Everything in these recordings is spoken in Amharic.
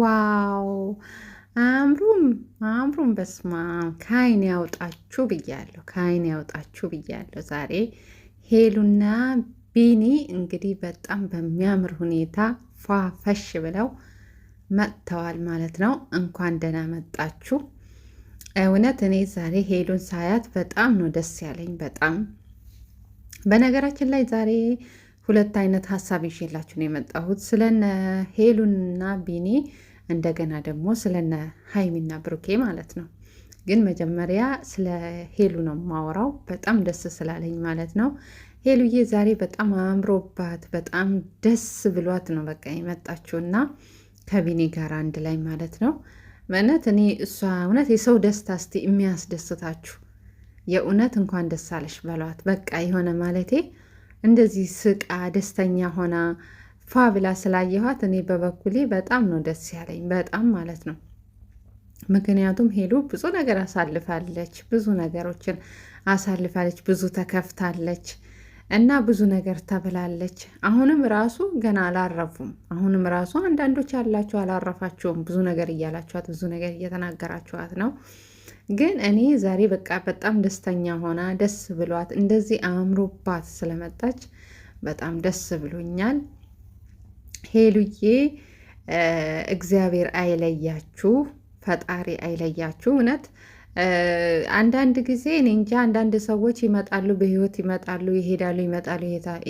ዋው አምሩም አምሩም በስማ ከአይን ያውጣችሁ ብያለሁ፣ ከአይን ያውጣችሁ ብያለሁ። ዛሬ ሄሉና ቢኒ እንግዲህ በጣም በሚያምር ሁኔታ ፏፈሽ ብለው መጥተዋል ማለት ነው። እንኳን ደህና መጣችሁ። እውነት እኔ ዛሬ ሄሉን ሳያት በጣም ነው ደስ ያለኝ። በጣም በነገራችን ላይ ዛሬ ሁለት አይነት ሀሳብ ይዤላችሁ ነው የመጣሁት ስለነ ሄሉና ቢኒ እንደገና ደግሞ ስለነ ሀይሚና ብሩኬ ማለት ነው። ግን መጀመሪያ ስለ ሄሉ ነው ማወራው በጣም ደስ ስላለኝ ማለት ነው። ሄሉዬ ዛሬ በጣም አምሮባት በጣም ደስ ብሏት ነው በቃ የመጣችውና ከቢኒ ጋር አንድ ላይ ማለት ነው። በእውነት እኔ እሷ እውነት የሰው ደስታ እስቲ የሚያስደስታችሁ የእውነት እንኳን ደስ አለሽ በሏት። በቃ የሆነ ማለቴ እንደዚህ ስቃ ደስተኛ ሆና ፋብላ ብላ ስላየኋት እኔ በበኩሌ በጣም ነው ደስ ያለኝ፣ በጣም ማለት ነው። ምክንያቱም ሄሉ ብዙ ነገር አሳልፋለች፣ ብዙ ነገሮችን አሳልፋለች፣ ብዙ ተከፍታለች እና ብዙ ነገር ተብላለች። አሁንም ራሱ ገና አላረፉም። አሁንም ራሱ አንዳንዶች ያላችሁ አላረፋችሁም፣ ብዙ ነገር እያላችኋት፣ ብዙ ነገር እየተናገራችኋት ነው ግን እኔ ዛሬ በቃ በጣም ደስተኛ ሆና ደስ ብሏት እንደዚህ አእምሮባት ስለመጣች በጣም ደስ ብሎኛል። ሄሉዬ እግዚአብሔር አይለያችሁ፣ ፈጣሪ አይለያችሁ። እውነት አንዳንድ ጊዜ እኔ እንጃ አንዳንድ ሰዎች ይመጣሉ፣ በህይወት ይመጣሉ፣ ይሄዳሉ፣ ይመጣሉ፣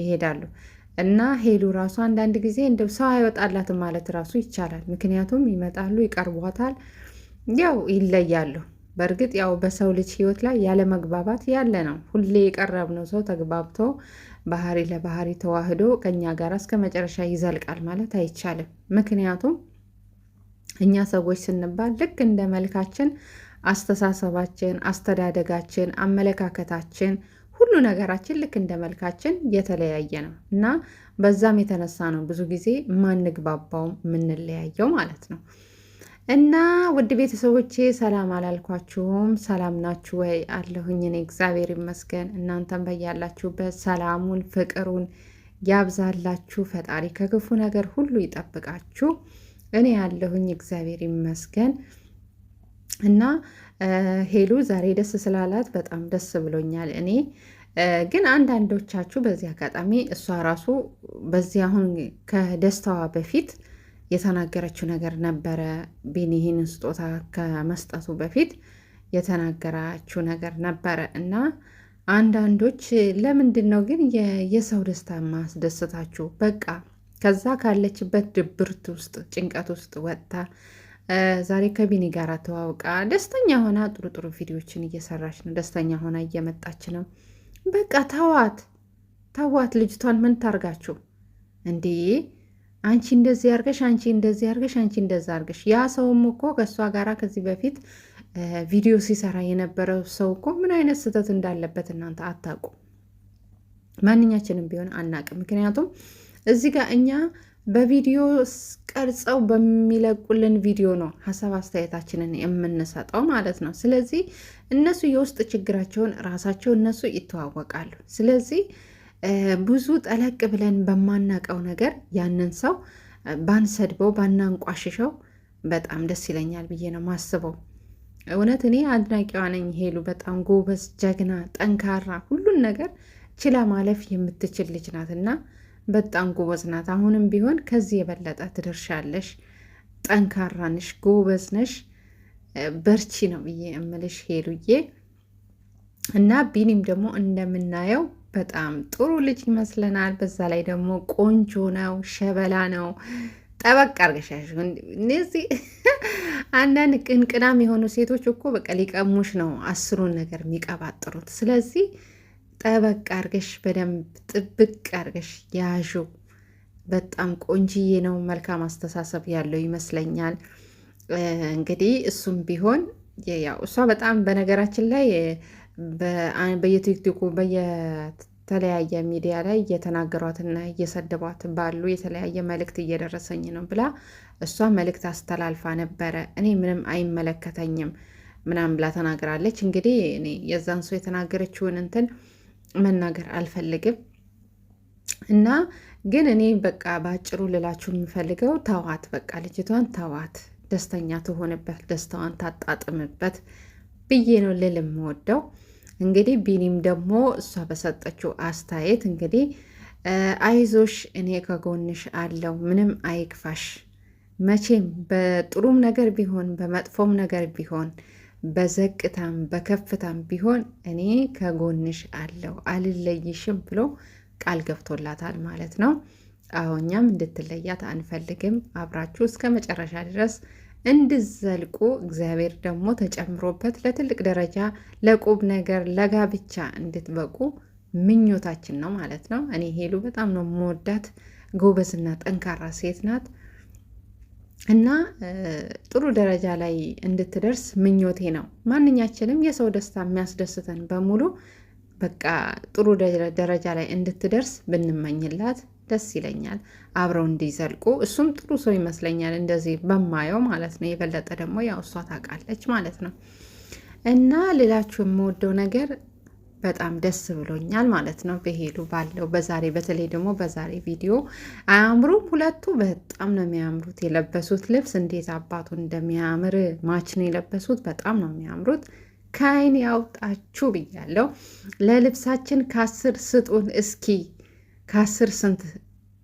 ይሄዳሉ እና ሄሉ ራሱ አንዳንድ ጊዜ እንደ ሰው አይወጣላትም ማለት ራሱ ይቻላል። ምክንያቱም ይመጣሉ፣ ይቀርቧታል፣ ያው ይለያሉ። በእርግጥ ያው በሰው ልጅ ህይወት ላይ ያለ መግባባት ያለ ነው። ሁሌ የቀረብነው ሰው ተግባብቶ ባህሪ ለባህሪ ተዋህዶ ከኛ ጋር እስከ መጨረሻ ይዘልቃል ማለት አይቻልም። ምክንያቱም እኛ ሰዎች ስንባል ልክ እንደ መልካችን፣ አስተሳሰባችን፣ አስተዳደጋችን፣ አመለካከታችን ሁሉ ነገራችን ልክ እንደ መልካችን የተለያየ ነው እና በዛም የተነሳ ነው ብዙ ጊዜ ማንግባባው የምንለያየው ማለት ነው። እና ውድ ቤተሰቦቼ ሰላም አላልኳችሁም? ሰላም ናችሁ ወይ? አለሁኝ እኔ እግዚአብሔር ይመስገን። እናንተም በያላችሁበት ሰላሙን ፍቅሩን ያብዛላችሁ፣ ፈጣሪ ከክፉ ነገር ሁሉ ይጠብቃችሁ። እኔ ያለሁኝ እግዚአብሔር ይመስገን። እና ሄሉ ዛሬ ደስ ስላላት በጣም ደስ ብሎኛል። እኔ ግን አንዳንዶቻችሁ በዚህ አጋጣሚ እሷ ራሱ በዚህ አሁን ከደስታዋ በፊት የተናገረችው ነገር ነበረ። ቢኒ ይህን ስጦታ ከመስጠቱ በፊት የተናገራችው ነገር ነበረ እና አንዳንዶች ለምንድን ነው ግን የሰው ደስታ ማስደስታችሁ? በቃ ከዛ ካለችበት ድብርት ውስጥ ጭንቀት ውስጥ ወጥታ ዛሬ ከቢኒ ጋር ተዋውቃ ደስተኛ ሆና ጥሩ ጥሩ ቪዲዮችን እየሰራች ነው። ደስተኛ ሆና እየመጣች ነው። በቃ ተዋት ተዋት ልጅቷን ምን ታርጋችሁ እንዴ? አንቺ እንደዚህ አርገሽ፣ አንቺ እንደዚህ አርገሽ፣ አንቺ እንደዛ አርገሽ። ያ ሰውም እኮ ከእሷ ጋራ ከዚህ በፊት ቪዲዮ ሲሰራ የነበረው ሰው እኮ ምን አይነት ስህተት እንዳለበት እናንተ አታውቁ። ማንኛችንም ቢሆን አናቅም ምክንያቱም እዚህ ጋር እኛ በቪዲዮ ቀርጸው በሚለቁልን ቪዲዮ ነው ሀሳብ አስተያየታችንን የምንሰጠው ማለት ነው። ስለዚህ እነሱ የውስጥ ችግራቸውን ራሳቸው እነሱ ይተዋወቃሉ። ስለዚህ ብዙ ጠለቅ ብለን በማናቀው ነገር ያንን ሰው ባንሰድበው ባናንቋሽሸው በጣም ደስ ይለኛል ብዬ ነው ማስበው። እውነት እኔ አድናቂዋ ነኝ። ሄሉ በጣም ጎበዝ፣ ጀግና፣ ጠንካራ ሁሉን ነገር ችላ ማለፍ የምትችል ልጅ ናት እና በጣም ጎበዝ ናት። አሁንም ቢሆን ከዚህ የበለጠ ትደርሻለሽ፣ ጠንካራ ነሽ፣ ጎበዝ ነሽ፣ በርቺ ነው ብዬ እምልሽ ሄሉዬ እና ቢኒም ደግሞ እንደምናየው በጣም ጥሩ ልጅ ይመስለናል። በዛ ላይ ደግሞ ቆንጆ ነው፣ ሸበላ ነው። ጠበቅ አርገሻሽ። እነዚህ አንዳንድ ቅንቅናም የሆኑ ሴቶች እኮ በቃ ሊቀሙሽ ነው አስሩን ነገር የሚቀባጥሩት። ስለዚህ ጠበቅ አርገሽ በደንብ ጥብቅ አርገሽ ያዥ። በጣም ቆንጅዬ ነው፣ መልካም አስተሳሰብ ያለው ይመስለኛል። እንግዲህ እሱም ቢሆን ያው እሷ በጣም በነገራችን ላይ በየቲክቶኩ በየ በተለያየ ሚዲያ ላይ እየተናገሯትና እየሰደቧት ባሉ የተለያየ መልእክት እየደረሰኝ ነው ብላ እሷ መልእክት አስተላልፋ ነበረ። እኔ ምንም አይመለከተኝም ምናምን ብላ ተናግራለች። እንግዲህ እኔ የዛን ሰው የተናገረችውን እንትን መናገር አልፈልግም እና ግን እኔ በቃ በአጭሩ ልላችሁ የምፈልገው ተዋት፣ በቃ ልጅቷን ተዋት፣ ደስተኛ ትሆንበት፣ ደስታዋን ታጣጥምበት ብዬ ነው ልል የምወደው። እንግዲህ ቢኒም ደግሞ እሷ በሰጠችው አስተያየት እንግዲህ አይዞሽ፣ እኔ ከጎንሽ አለው፣ ምንም አይክፋሽ። መቼም በጥሩም ነገር ቢሆን በመጥፎም ነገር ቢሆን በዘቅታም በከፍታም ቢሆን እኔ ከጎንሽ አለው፣ አልለይሽም ብሎ ቃል ገብቶላታል ማለት ነው። አዎ እኛም እንድትለያት አንፈልግም። አብራችሁ እስከ መጨረሻ ድረስ እንዲዘልቁ እግዚአብሔር ደግሞ ተጨምሮበት ለትልቅ ደረጃ ለቁብ ነገር ለጋብቻ እንድትበቁ ምኞታችን ነው ማለት ነው። እኔ ሄሉ በጣም ነው የምወዳት፣ ጎበዝና ጠንካራ ሴት ናት እና ጥሩ ደረጃ ላይ እንድትደርስ ምኞቴ ነው። ማንኛችንም የሰው ደስታ የሚያስደስተን በሙሉ በቃ ጥሩ ደረጃ ላይ እንድትደርስ ብንመኝላት ደስ ይለኛል አብረው እንዲዘልቁ። እሱም ጥሩ ሰው ይመስለኛል እንደዚህ በማየው ማለት ነው። የበለጠ ደግሞ ያው እሷ ታውቃለች ማለት ነው። እና ሌላችሁ የምወደው ነገር በጣም ደስ ብሎኛል ማለት ነው። በሄሉ ባለው በዛሬ በተለይ ደግሞ በዛሬ ቪዲዮ አያምሩም? ሁለቱ በጣም ነው የሚያምሩት። የለበሱት ልብስ እንዴት አባቱ እንደሚያምር ማች ነው የለበሱት። በጣም ነው የሚያምሩት። ከአይን ያውጣችሁ ብያለው። ለልብሳችን ከአስር ስጡን እስኪ ከአስር ስንት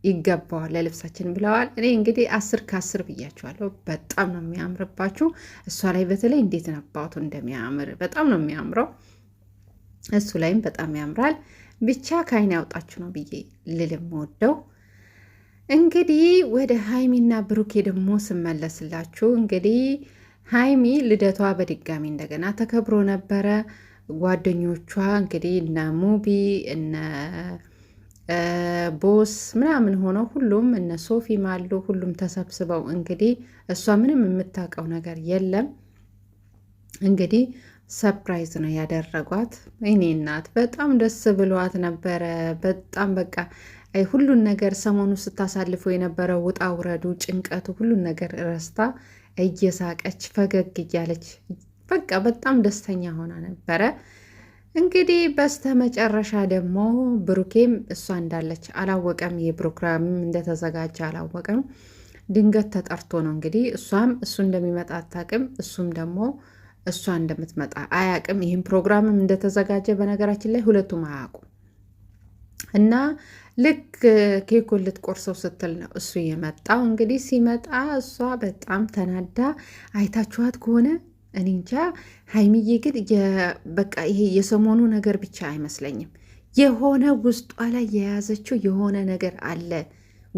ይገባዋል ለልብሳችን ብለዋል። እኔ እንግዲህ አስር ከአስር ብያቸዋለሁ። በጣም ነው የሚያምርባችሁ። እሷ ላይ በተለይ እንዴት ነባቱ እንደሚያምር በጣም ነው የሚያምረው። እሱ ላይም በጣም ያምራል። ብቻ ከአይን ያውጣችሁ ነው ብዬ ልልም ወደው እንግዲህ ወደ ሀይሚና ብሩኬ ደግሞ ስመለስላችሁ እንግዲህ ሀይሚ ልደቷ በድጋሚ እንደገና ተከብሮ ነበረ። ጓደኞቿ እንግዲህ እነ ሙቢ እነ ቦስ ምናምን ሆነው ሁሉም እነ ሶፊም አሉ። ሁሉም ተሰብስበው እንግዲህ እሷ ምንም የምታውቀው ነገር የለም። እንግዲህ ሰፕራይዝ ነው ያደረጓት። እኔ እናት በጣም ደስ ብሏት ነበረ። በጣም በቃ ሁሉን ነገር ሰሞኑ ስታሳልፈው የነበረው ውጣ ውረዱ፣ ጭንቀቱ፣ ሁሉን ነገር ረስታ እየሳቀች ፈገግ እያለች በቃ በጣም ደስተኛ ሆና ነበረ። እንግዲህ በስተመጨረሻ ደግሞ ብሩኬም እሷ እንዳለች አላወቀም። ይህ እንደተዘጋጀ አላወቀም። ድንገት ተጠርቶ ነው እንግዲህ እሷም እሱ እንደሚመጣ አታውቅም፣ እሱም ደግሞ እሷ እንደምትመጣ አያውቅም። ይህም ፕሮግራምም እንደተዘጋጀ በነገራችን ላይ ሁለቱም አያቁ እና ልክ ኬኩን ልትቆርሰው ስትል ነው እሱ የመጣው። እንግዲህ ሲመጣ እሷ በጣም ተናዳ አይታችኋት ከሆነ እኔ እንጃ ሀይሚዬ ግን በቃ ይሄ የሰሞኑ ነገር ብቻ አይመስለኝም። የሆነ ውስጧ ላይ የያዘችው የሆነ ነገር አለ።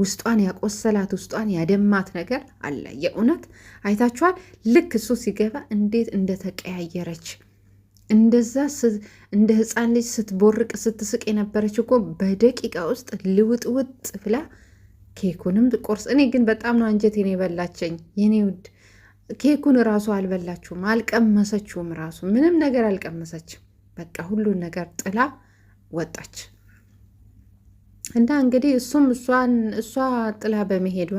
ውስጧን ያቆሰላት ውስጧን ያደማት ነገር አለ። የእውነት አይታችኋል። ልክ እሱ ሲገባ እንዴት እንደተቀያየረች እንደዛ እንደ ህፃን ልጅ ስትቦርቅ ስትስቅ የነበረች እኮ በደቂቃ ውስጥ ልውጥውጥ ብላ ኬኩንም ቁርስ። እኔ ግን በጣም ነው አንጀቴን የበላቸኝ የኔ ውድ ኬኩን ራሱ አልበላችሁም፣ አልቀመሰችውም። ራሱ ምንም ነገር አልቀመሰችም። በቃ ሁሉን ነገር ጥላ ወጣች እና እንግዲህ እሱም እሷ ጥላ በመሄዷ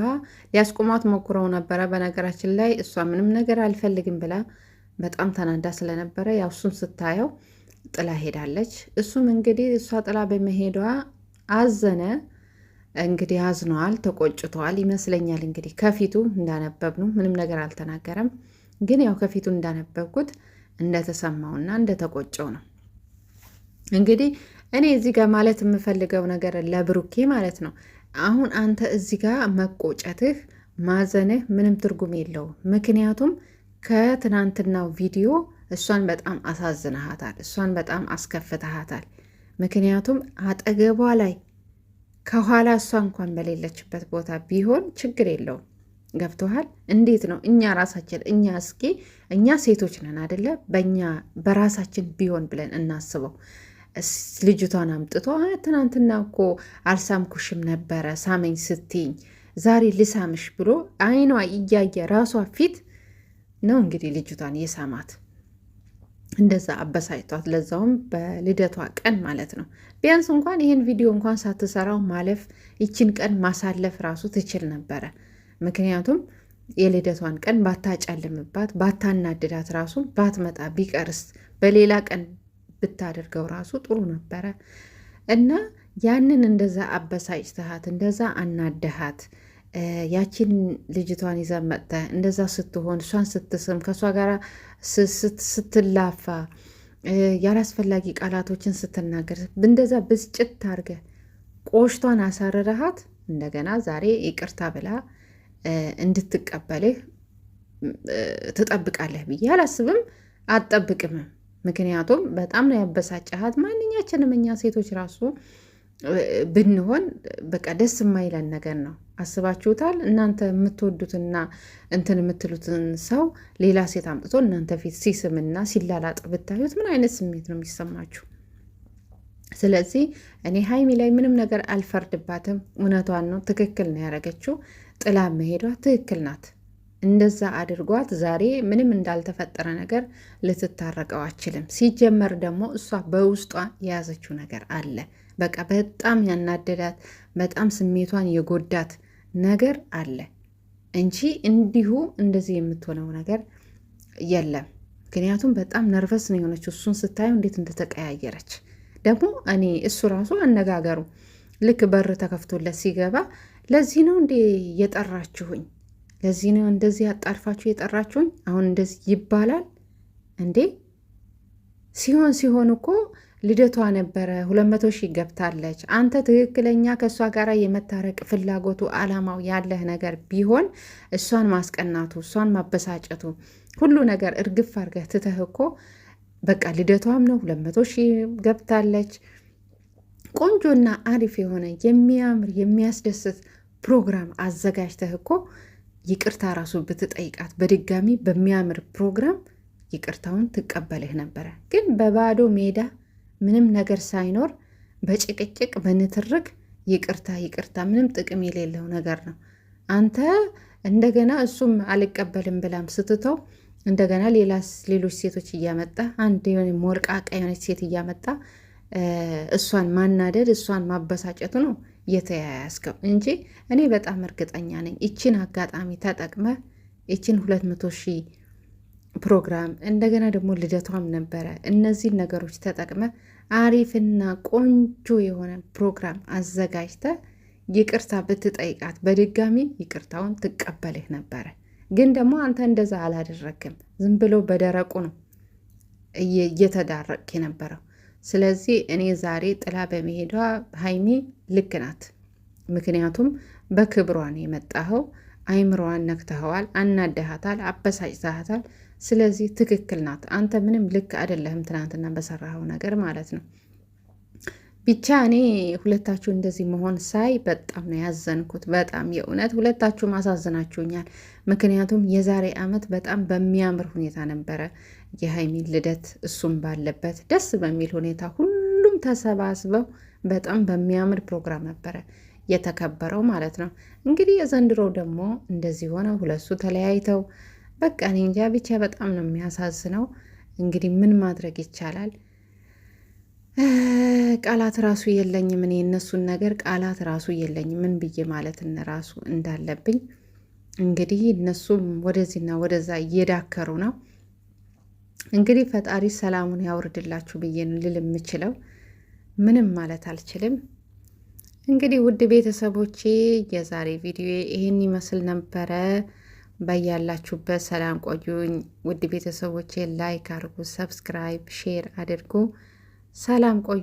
ሊያስቆማት ሞክረው ነበረ። በነገራችን ላይ እሷ ምንም ነገር አልፈልግም ብላ በጣም ተናዳ ስለነበረ ያው እሱም ስታየው ጥላ ሄዳለች። እሱም እንግዲህ እሷ ጥላ በመሄዷ አዘነ። እንግዲህ አዝነዋል፣ ተቆጭተዋል ይመስለኛል። እንግዲህ ከፊቱ እንዳነበብነው ምንም ነገር አልተናገረም፣ ግን ያው ከፊቱ እንዳነበብኩት እንደተሰማውና እንደተቆጨው ነው። እንግዲህ እኔ እዚህ ጋር ማለት የምፈልገው ነገር ለብሩኬ ማለት ነው። አሁን አንተ እዚህ ጋር መቆጨትህ፣ ማዘንህ ምንም ትርጉም የለው ምክንያቱም ከትናንትናው ቪዲዮ እሷን በጣም አሳዝነሃታል፣ እሷን በጣም አስከፍተሃታል። ምክንያቱም አጠገቧ ላይ ከኋላ እሷ እንኳን በሌለችበት ቦታ ቢሆን ችግር የለውም። ገብቶሃል? እንዴት ነው እኛ ራሳችን እኛ እስኪ እኛ ሴቶች ነን አደለ? በእኛ በራሳችን ቢሆን ብለን እናስበው። ልጅቷን አምጥቶ ትናንትና እኮ አልሳምኩሽም ነበረ ሳመኝ ስትኝ ዛሬ ልሳምሽ ብሎ አይኗ እያየ ራሷ ፊት ነው እንግዲህ ልጅቷን የሳማት። እንደዛ አበሳጭቷት ለዛውም በልደቷ ቀን ማለት ነው። ቢያንስ እንኳን ይህን ቪዲዮ እንኳን ሳትሰራው ማለፍ ይችን ቀን ማሳለፍ ራሱ ትችል ነበረ። ምክንያቱም የልደቷን ቀን ባታጨልምባት፣ ባታናድዳት፣ ራሱ ባትመጣ ቢቀርስ በሌላ ቀን ብታደርገው ራሱ ጥሩ ነበረ እና ያንን እንደዛ አበሳጭተሃት፣ እንደዛ አናደሃት ያቺን ልጅቷን ይዘን መጥታ እንደዛ ስትሆን እሷን ስትስም ከእሷ ጋር ስትላፋ ያላስፈላጊ ቃላቶችን ስትናገር እንደዛ ብስጭት አርገ ቆሽቷን አሳረረሃት። እንደገና ዛሬ ይቅርታ ብላ እንድትቀበልህ ትጠብቃለህ ብዬ አላስብም፣ አጠብቅምም። ምክንያቱም በጣም ነው ያበሳጨሃት። ማንኛችንም እኛ ሴቶች ራሱ ብንሆን በቃ ደስ የማይለን ነገር ነው። አስባችሁታል? እናንተ የምትወዱትና እንትን የምትሉትን ሰው ሌላ ሴት አምጥቶ እናንተ ፊት ሲስምና ሲላላጥ ብታዩት ምን አይነት ስሜት ነው የሚሰማችሁ? ስለዚህ እኔ ሀይሚ ላይ ምንም ነገር አልፈርድባትም። እውነቷን ነው፣ ትክክል ነው ያደረገችው። ጥላ መሄዷ ትክክል ናት። እንደዛ አድርጓት ዛሬ ምንም እንዳልተፈጠረ ነገር ልትታረቀው አችልም። ሲጀመር ደግሞ እሷ በውስጧ የያዘችው ነገር አለ። በቃ በጣም ያናደዳት በጣም ስሜቷን የጎዳት ነገር አለ እንጂ እንዲሁ እንደዚህ የምትሆነው ነገር የለም። ምክንያቱም በጣም ነርቨስ ነው የሆነችው። እሱን ስታየው እንዴት እንደተቀያየረች ደግሞ እኔ እሱ ራሱ አነጋገሩ ልክ በር ተከፍቶለት ሲገባ ለዚህ ነው እንዴ የጠራችሁኝ ለዚህ ነው እንደዚህ አጣድፋችሁ የጠራችሁኝ? አሁን እንደዚህ ይባላል እንዴ? ሲሆን ሲሆን እኮ ልደቷ ነበረ፣ ሁለት መቶ ሺህ ገብታለች። አንተ ትክክለኛ ከእሷ ጋር የመታረቅ ፍላጎቱ አላማው ያለህ ነገር ቢሆን እሷን ማስቀናቱ፣ እሷን ማበሳጨቱ፣ ሁሉ ነገር እርግፍ አድርገህ ትተህ እኮ በቃ ልደቷም ነው ሁለት መቶ ሺህ ገብታለች። ቆንጆና አሪፍ የሆነ የሚያምር የሚያስደስት ፕሮግራም አዘጋጅተህ እኮ ይቅርታ ራሱ ብትጠይቃት በድጋሚ በሚያምር ፕሮግራም ይቅርታውን ትቀበልህ ነበረ። ግን በባዶ ሜዳ ምንም ነገር ሳይኖር በጭቅጭቅ በንትርክ ይቅርታ ይቅርታ ምንም ጥቅም የሌለው ነገር ነው። አንተ እንደገና እሱም አልቀበልም ብላም ስትተው እንደገና ሌሎች ሴቶች እያመጣ አንድ የሆነ የሆነች ሴት እያመጣ እሷን ማናደድ እሷን ማበሳጨቱ ነው የተያያዝከው እንጂ እኔ በጣም እርግጠኛ ነኝ ይችን አጋጣሚ ተጠቅመ ይችን ሁለት መቶ ሺህ ፕሮግራም እንደገና ደግሞ ልደቷም ነበረ። እነዚህን ነገሮች ተጠቅመ አሪፍና ቆንጆ የሆነ ፕሮግራም አዘጋጅተ ይቅርታ ብትጠይቃት በድጋሚ ይቅርታውን ትቀበልህ ነበረ። ግን ደግሞ አንተ እንደዛ አላደረግም። ዝም ብሎ በደረቁ ነው እየተዳረቅ የነበረው። ስለዚህ እኔ ዛሬ ጥላ በመሄዷ ሀይሚ ልክ ናት። ምክንያቱም በክብሯን የመጣኸው አይምሮዋን ነክተኸዋል፣ አናደሃታል፣ አበሳጭተሃታል። ስለዚህ ትክክል ናት። አንተ ምንም ልክ አይደለህም፣ ትናንትና በሰራኸው ነገር ማለት ነው። ብቻ እኔ ሁለታችሁ እንደዚህ መሆን ሳይ በጣም ነው ያዘንኩት። በጣም የእውነት ሁለታችሁም አሳዝናችሁኛል። ምክንያቱም የዛሬ ዓመት በጣም በሚያምር ሁኔታ ነበረ የሀይሚን ልደት እሱም ባለበት ደስ በሚል ሁኔታ ሁሉም ተሰባስበው በጣም በሚያምር ፕሮግራም ነበረ የተከበረው ማለት ነው። እንግዲህ የዘንድሮ ደግሞ እንደዚህ ሆነ። ሁለቱ ተለያይተው በቃ እኔ እንጃ ብቻ በጣም ነው የሚያሳዝነው። እንግዲህ ምን ማድረግ ይቻላል? ቃላት ራሱ የለኝም። እኔ የእነሱን ነገር ቃላት ራሱ የለኝም። ምን ብዬ ማለት ራሱ እንዳለብኝ እንግዲህ እነሱም ወደዚህና ወደዛ እየዳከሩ ነው። እንግዲህ ፈጣሪ ሰላሙን ያውርድላችሁ ብዬ ልል የምችለው ምንም ማለት አልችልም። እንግዲህ ውድ ቤተሰቦቼ የዛሬ ቪዲዮ ይህን ይመስል ነበረ። በያላችሁበት ሰላም ቆዩኝ። ውድ ቤተሰቦቼ ላይክ አድርጉ፣ ሰብስክራይብ፣ ሼር አድርጉ። ሰላም ቆዩ።